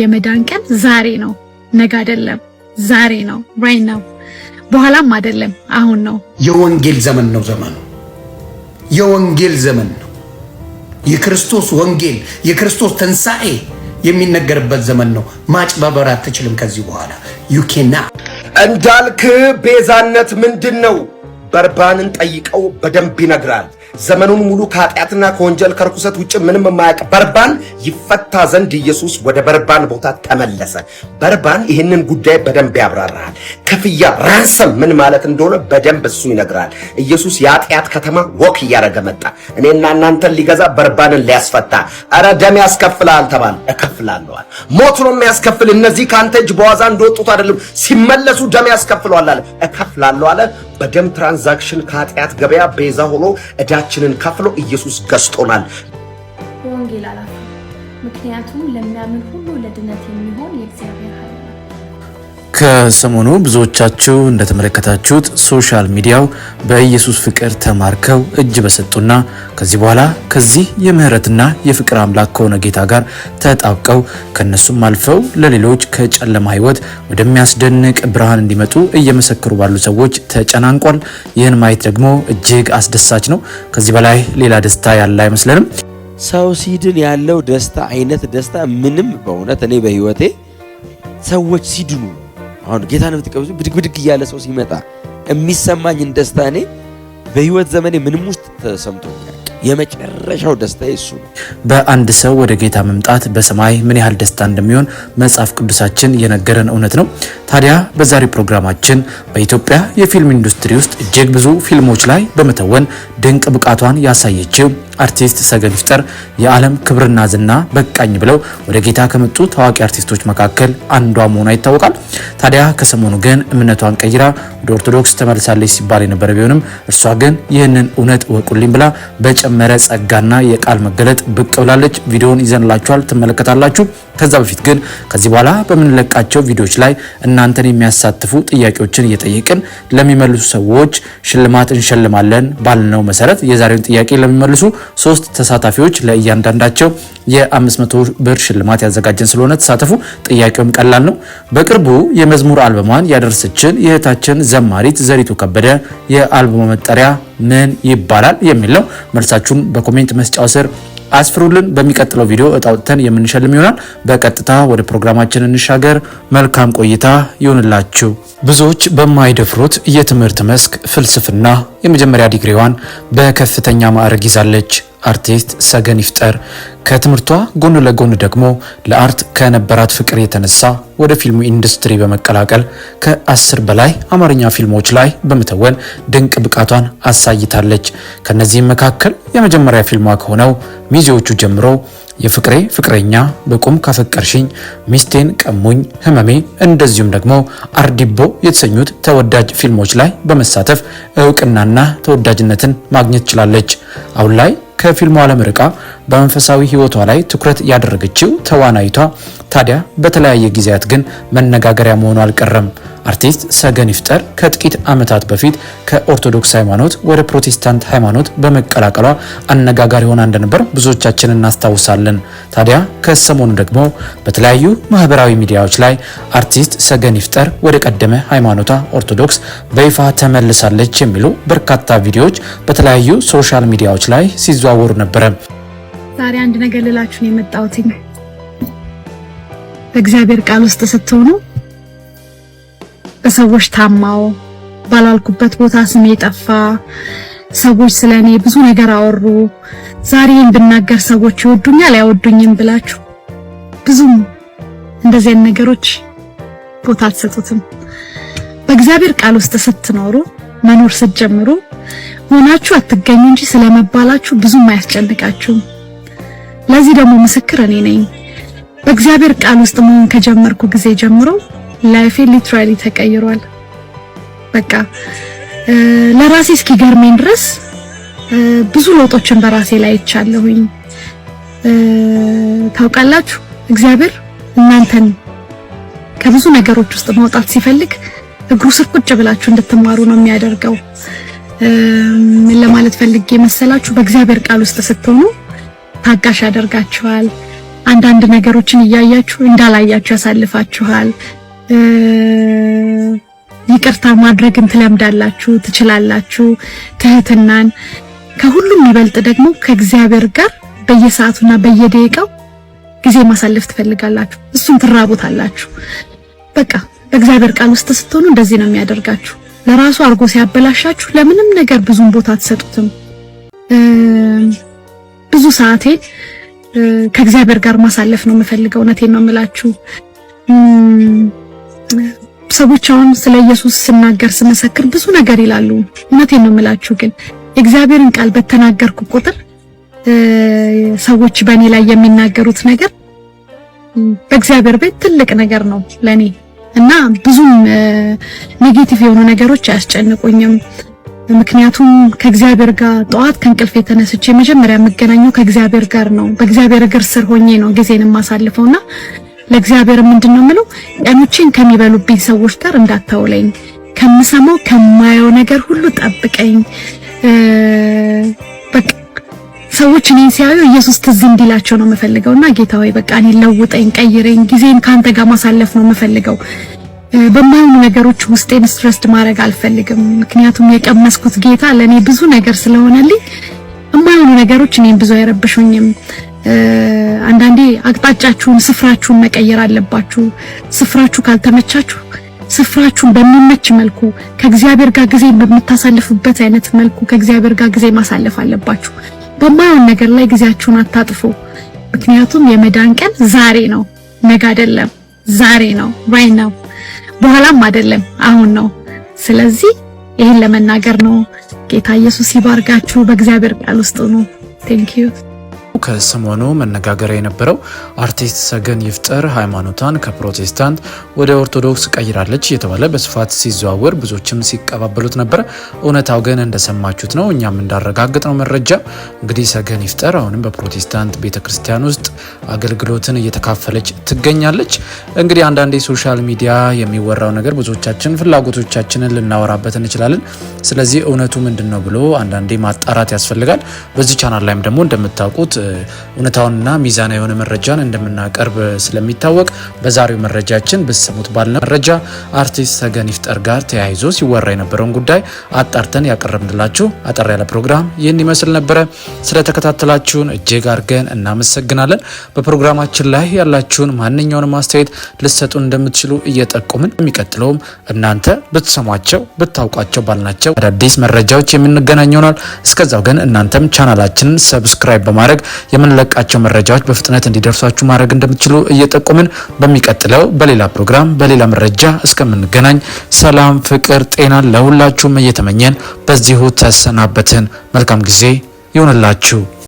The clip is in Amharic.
የመዳን ቀን ዛሬ ነው፣ ነገ አይደለም። ዛሬ ነው፣ ራይት ነው፣ በኋላም አይደለም፣ አሁን ነው። የወንጌል ዘመን ነው። ዘመኑ የወንጌል ዘመን ነው። የክርስቶስ ወንጌል የክርስቶስ ትንሣኤ የሚነገርበት ዘመን ነው። ማጭበርበር አትችልም። ከዚህ በኋላ ዩኬና እንዳልክ ቤዛነት ምንድን ነው? በርባንን ጠይቀው በደንብ ይነግራል። ዘመኑን ሙሉ ከኃጢአትና ከወንጀል ከርኩሰት ውጭ ምንም የማያውቅ በርባን ይፈታ ዘንድ ኢየሱስ ወደ በርባን ቦታ ተመለሰ። በርባን ይህንን ጉዳይ በደንብ ያብራራል። ክፍያ ራንሰም ምን ማለት እንደሆነ በደንብ እሱ ይነግራል። ኢየሱስ የኃጢአት ከተማ ወክ እያደረገ መጣ። እኔና እናንተን ሊገዛ በርባንን ሊያስፈታ። ኧረ ደም ያስከፍላል ተባለ። እከፍላለዋል። ሞት ነው የሚያስከፍል። እነዚህ ከአንተ እጅ በዋዛ እንደወጡት አይደለም፣ ሲመለሱ ደም ያስከፍለዋል አለ። እከፍላለሁ አለ። በደም ትራንዛክሽን ከኃጢአት ገበያ ቤዛ ሆኖ እዳችንን ከፍሎ ኢየሱስ ገዝቶናል። ወንጌል አላፍ ምክንያቱም ለሚያምን ሁሉ ለድነት የሚሆን ከሰሞኑ ብዙዎቻችሁ እንደተመለከታችሁት ሶሻል ሚዲያው በኢየሱስ ፍቅር ተማርከው እጅ በሰጡና ከዚህ በኋላ ከዚህ የምህረትና የፍቅር አምላክ ከሆነ ጌታ ጋር ተጣብቀው ከነሱም አልፈው ለሌሎች ከጨለማ ህይወት ወደሚያስደንቅ ብርሃን እንዲመጡ እየመሰከሩ ባሉ ሰዎች ተጨናንቋል። ይህን ማየት ደግሞ እጅግ አስደሳች ነው። ከዚህ በላይ ሌላ ደስታ ያለ አይመስለንም። ሰው ሲድን ያለው ደስታ አይነት ደስታ ምንም በእውነት እኔ በህይወቴ ሰዎች ሲድኑ አሁን ጌታን ብትቀበዙ ብድግ ብድግ እያለ ሰው ሲመጣ የሚሰማኝን ደስታ እኔ በህይወት ዘመኔ ምንም ውስጥ ተሰምቶ የመጨረሻው ደስታ እሱ ነው። በአንድ ሰው ወደ ጌታ መምጣት በሰማይ ምን ያህል ደስታ እንደሚሆን መጽሐፍ ቅዱሳችን የነገረን እውነት ነው። ታዲያ በዛሬ ፕሮግራማችን በኢትዮጵያ የፊልም ኢንዱስትሪ ውስጥ እጅግ ብዙ ፊልሞች ላይ በመተወን ድንቅ ብቃቷን ያሳየችው አርቲስት ሰገን ይፍጠር የዓለም ክብርና ዝና በቃኝ ብለው ወደ ጌታ ከመጡ ታዋቂ አርቲስቶች መካከል አንዷ መሆኗ ይታወቃል። ታዲያ ከሰሞኑ ግን እምነቷን ቀይራ ወደ ኦርቶዶክስ ተመልሳለች ሲባል የነበረ ቢሆንም እርሷ ግን ይህንን እውነት እወቁልኝ ብላ በጨመረ ጸጋና የቃል መገለጥ ብቅ ብላለች። ቪዲዮን ይዘንላችኋል፣ ትመለከታላችሁ። ከዛ በፊት ግን ከዚህ በኋላ በምንለቃቸው ቪዲዮዎች ላይ እና እናንተን የሚያሳትፉ ጥያቄዎችን እየጠየቅን ለሚመልሱ ሰዎች ሽልማት እንሸልማለን ባልነው መሰረት የዛሬውን ጥያቄ ለሚመልሱ ሶስት ተሳታፊዎች ለእያንዳንዳቸው የ500 ብር ሽልማት ያዘጋጀን ስለሆነ ተሳተፉ። ጥያቄውም ቀላል ነው። በቅርቡ የመዝሙር አልበሟን ያደረሰችን የእህታችን ዘማሪት ዘሪቱ ከበደ የአልበሟ መጠሪያ ምን ይባላል የሚል ነው። መልሳችሁን በኮሜንት መስጫው ስር አስፍሩልን። በሚቀጥለው ቪዲዮ እጣ ወጥተን የምንሸልም ይሆናል። በቀጥታ ወደ ፕሮግራማችን እንሻገር። መልካም ቆይታ ይሆንላችሁ። ብዙዎች በማይደፍሩት የትምህርት መስክ ፍልስፍና የመጀመሪያ ዲግሪዋን በከፍተኛ ማዕረግ ይዛለች። አርቲስት ሰገን ይፍጠር ከትምህርቷ ጎን ለጎን ደግሞ ለአርት ከነበራት ፍቅር የተነሳ ወደ ፊልሙ ኢንዱስትሪ በመቀላቀል ከአስር በላይ አማርኛ ፊልሞች ላይ በመተወን ድንቅ ብቃቷን አሳይታለች። ከነዚህም መካከል የመጀመሪያ ፊልሟ ከሆነው ሚዜዎቹ ጀምሮ የፍቅሬ ፍቅረኛ፣ በቁም ካፈቀርሽኝ፣ ሚስቴን ቀሙኝ፣ ህመሜ እንደዚሁም ደግሞ አርዲቦ የተሰኙት ተወዳጅ ፊልሞች ላይ በመሳተፍ እውቅናና ተወዳጅነትን ማግኘት ችላለች። አሁን ላይ ከፊልሙ ዓለም ርቃ በመንፈሳዊ ህይወቷ ላይ ትኩረት ያደረገችው ተዋናይቷ ታዲያ በተለያየ ጊዜያት ግን መነጋገሪያ መሆኑ አልቀረም። አርቲስት ሰገን ይፍጠር ከጥቂት ዓመታት በፊት ከኦርቶዶክስ ሃይማኖት ወደ ፕሮቴስታንት ሃይማኖት በመቀላቀሏ አነጋጋሪ ሆና እንደነበር ብዙዎቻችን እናስታውሳለን። ታዲያ ከሰሞኑ ደግሞ በተለያዩ ማህበራዊ ሚዲያዎች ላይ አርቲስት ሰገን ይፍጠር ወደ ቀደመ ሃይማኖቷ ኦርቶዶክስ በይፋ ተመልሳለች የሚሉ በርካታ ቪዲዮዎች በተለያዩ ሶሻል ሚዲያዎች ላይ ሲዘዋወሩ ነበረ። ዛሬ አንድ ነገር ልላችሁ ነው የመጣሁት በእግዚአብሔር ቃል ውስጥ ስትሆኑ ሰዎች ታማው ባላልኩበት ቦታ ስሜ ጠፋ። ሰዎች ስለ እኔ ብዙ ነገር አወሩ። ዛሬ ብናገር ሰዎች ይወዱኛል አይወዱኝም ብላችሁ ብዙም እንደዚህ ነገሮች ቦታ አትሰጡትም። በእግዚአብሔር ቃል ውስጥ ስትኖሩ መኖር ስትጀምሩ ሆናችሁ አትገኙ እንጂ ስለመባላችሁ ብዙም አያስጨንቃችሁም። ለዚህ ደግሞ ምስክር እኔ ነኝ። በእግዚአብሔር ቃል ውስጥ መሆን ከጀመርኩ ጊዜ ጀምሮ ላይፌ ሊትራሊ ተቀይሯል። በቃ ለራሴ እስኪገርመኝ ድረስ ብዙ ለውጦችን በራሴ ላይ ይቻለሁኝ። ታውቃላችሁ እግዚአብሔር እናንተን ከብዙ ነገሮች ውስጥ ማውጣት ሲፈልግ እግሩ ስር ቁጭ ብላችሁ እንድትማሩ ነው የሚያደርገው። ለማለት ፈልጌ መሰላችሁ በእግዚአብሔር ቃል ውስጥ ስትሆኑ ታጋሽ ያደርጋችኋል። አንዳንድ ነገሮችን እያያችሁ እንዳላያችሁ ያሳልፋችኋል። ይቅርታ ማድረግን ትለምዳላችሁ፣ ትችላላችሁ። ትህትናን ከሁሉም ይበልጥ ደግሞ ከእግዚአብሔር ጋር በየሰዓቱና በየደቂቃው ጊዜ ማሳለፍ ትፈልጋላችሁ። እሱን ትራቦታላችሁ። በቃ በእግዚአብሔር ቃል ውስጥ ስትሆኑ እንደዚህ ነው የሚያደርጋችሁ። ለራሱ አድርጎ ሲያበላሻችሁ ለምንም ነገር ብዙም ቦታ አትሰጡትም። ብዙ ሰዓቴን ከእግዚአብሔር ጋር ማሳለፍ ነው የምፈልገው። እውነቴን ነው የምላችሁ። ሰዎች አሁን ስለ ኢየሱስ ስናገር ስመሰክር ብዙ ነገር ይላሉ። እውነቴን ነው የምላችሁ፣ ግን የእግዚአብሔርን ቃል በተናገርኩ ቁጥር ሰዎች በእኔ ላይ የሚናገሩት ነገር በእግዚአብሔር ቤት ትልቅ ነገር ነው ለእኔ እና ብዙም ኔጌቲቭ የሆኑ ነገሮች አያስጨንቁኝም። ምክንያቱም ከእግዚአብሔር ጋር ጠዋት ከእንቅልፍ የተነስቼ መጀመሪያ የምገናኘው ከእግዚአብሔር ጋር ነው። በእግዚአብሔር እግር ስር ሆኜ ነው ጊዜን የማሳልፈውና ለእግዚአብሔር ምንድን ነው የምለው ቀኖቼን ከሚበሉብኝ ሰዎች ጋር እንዳታውለኝ፣ ከምሰማው ከማየው ነገር ሁሉ ጠብቀኝ። በቃ ሰዎች እኔን ሲያዩ ኢየሱስ ትዝ እንዲላቸው ነው የምፈልገውና ጌታ ሆይ በቃ እኔን ለውጠኝ፣ ቀይረኝ። ጊዜን ከአንተ ጋር ማሳለፍ ነው የምፈልገው። በማይሆኑ ነገሮች ውስጤን ስትረስድ ማድረግ አልፈልግም። ምክንያቱም የቀመስኩት ጌታ ለእኔ ብዙ ነገር ስለሆነልኝ የማይሆኑ ነገሮች እኔን ብዙ አይረብሹኝም። አንዳንዴ አቅጣጫችሁን፣ ስፍራችሁን መቀየር አለባችሁ። ስፍራችሁ ካልተመቻችሁ ስፍራችሁን በሚመች መልኩ ከእግዚአብሔር ጋር ጊዜ በምታሳልፉበት አይነት መልኩ ከእግዚአብሔር ጋር ጊዜ ማሳለፍ አለባችሁ። በማይሆን ነገር ላይ ጊዜያችሁን አታጥፉ። ምክንያቱም የመዳን ቀን ዛሬ ነው፣ ነገ አይደለም። ዛሬ ነው፣ ራይ ነው፣ በኋላም አይደለም፣ አሁን ነው። ስለዚህ ይህን ለመናገር ነው። ጌታ ኢየሱስ ይባርጋችሁ። በእግዚአብሔር ቃል ውስጥ ነው። ቴንክ ዩ ከሰሞኑ መነጋገሪያ የነበረው አርቲስት ሰገን ይፍጠር ሃይማኖቷን ከፕሮቴስታንት ወደ ኦርቶዶክስ ቀይራለች እየተባለ በስፋት ሲዘዋወር ብዙዎችም ሲቀባበሉት ነበረ። እውነታው ግን እንደሰማችሁት ነው። እኛም እንዳረጋግጥ ነው መረጃ እንግዲህ ሰገን ይፍጠር አሁንም በፕሮቴስታንት ቤተክርስቲያን ውስጥ አገልግሎትን እየተካፈለች ትገኛለች። እንግዲህ አንዳንዴ ሶሻል ሚዲያ የሚወራው ነገር ብዙዎቻችን ፍላጎቶቻችንን ልናወራበት እንችላለን። ስለዚህ እውነቱ ምንድን ነው ብሎ አንዳንዴ ማጣራት ያስፈልጋል። በዚህ ቻናል ላይም ደግሞ እንደምታውቁት እውነታውንና ሚዛና የሆነ መረጃን እንደምናቀርብ ስለሚታወቅ በዛሬው መረጃችን ብትሰሙት ባለ መረጃ አርቲስት ሰገን ይፍጠር ጋር ተያይዞ ሲወራ የነበረውን ጉዳይ አጣርተን ያቀረብንላችሁ አጠር ያለ ፕሮግራም ይህን ይመስል ነበረ። ስለተከታተላችሁን እጅግ አድርገን እናመሰግናለን። በፕሮግራማችን ላይ ያላችሁን ማንኛውንም አስተያየት ልትሰጡ እንደምትችሉ እየጠቆምን የሚቀጥለውም እናንተ ብትሰሟቸው ብታውቋቸው ባልናቸው አዳዲስ መረጃዎች የምንገናኝ ይሆናል። እስከዛው ግን እናንተም ቻናላችንን ሰብስክራይብ በማድረግ የምንለቃቸው መረጃዎች በፍጥነት እንዲደርሷችሁ ማድረግ እንደምትችሉ እየጠቆምን በሚቀጥለው በሌላ ፕሮግራም በሌላ መረጃ እስከምንገናኝ ሰላም፣ ፍቅር፣ ጤና ለሁላችሁም እየተመኘን በዚሁ ተሰናበትን። መልካም ጊዜ ይሁንላችሁ።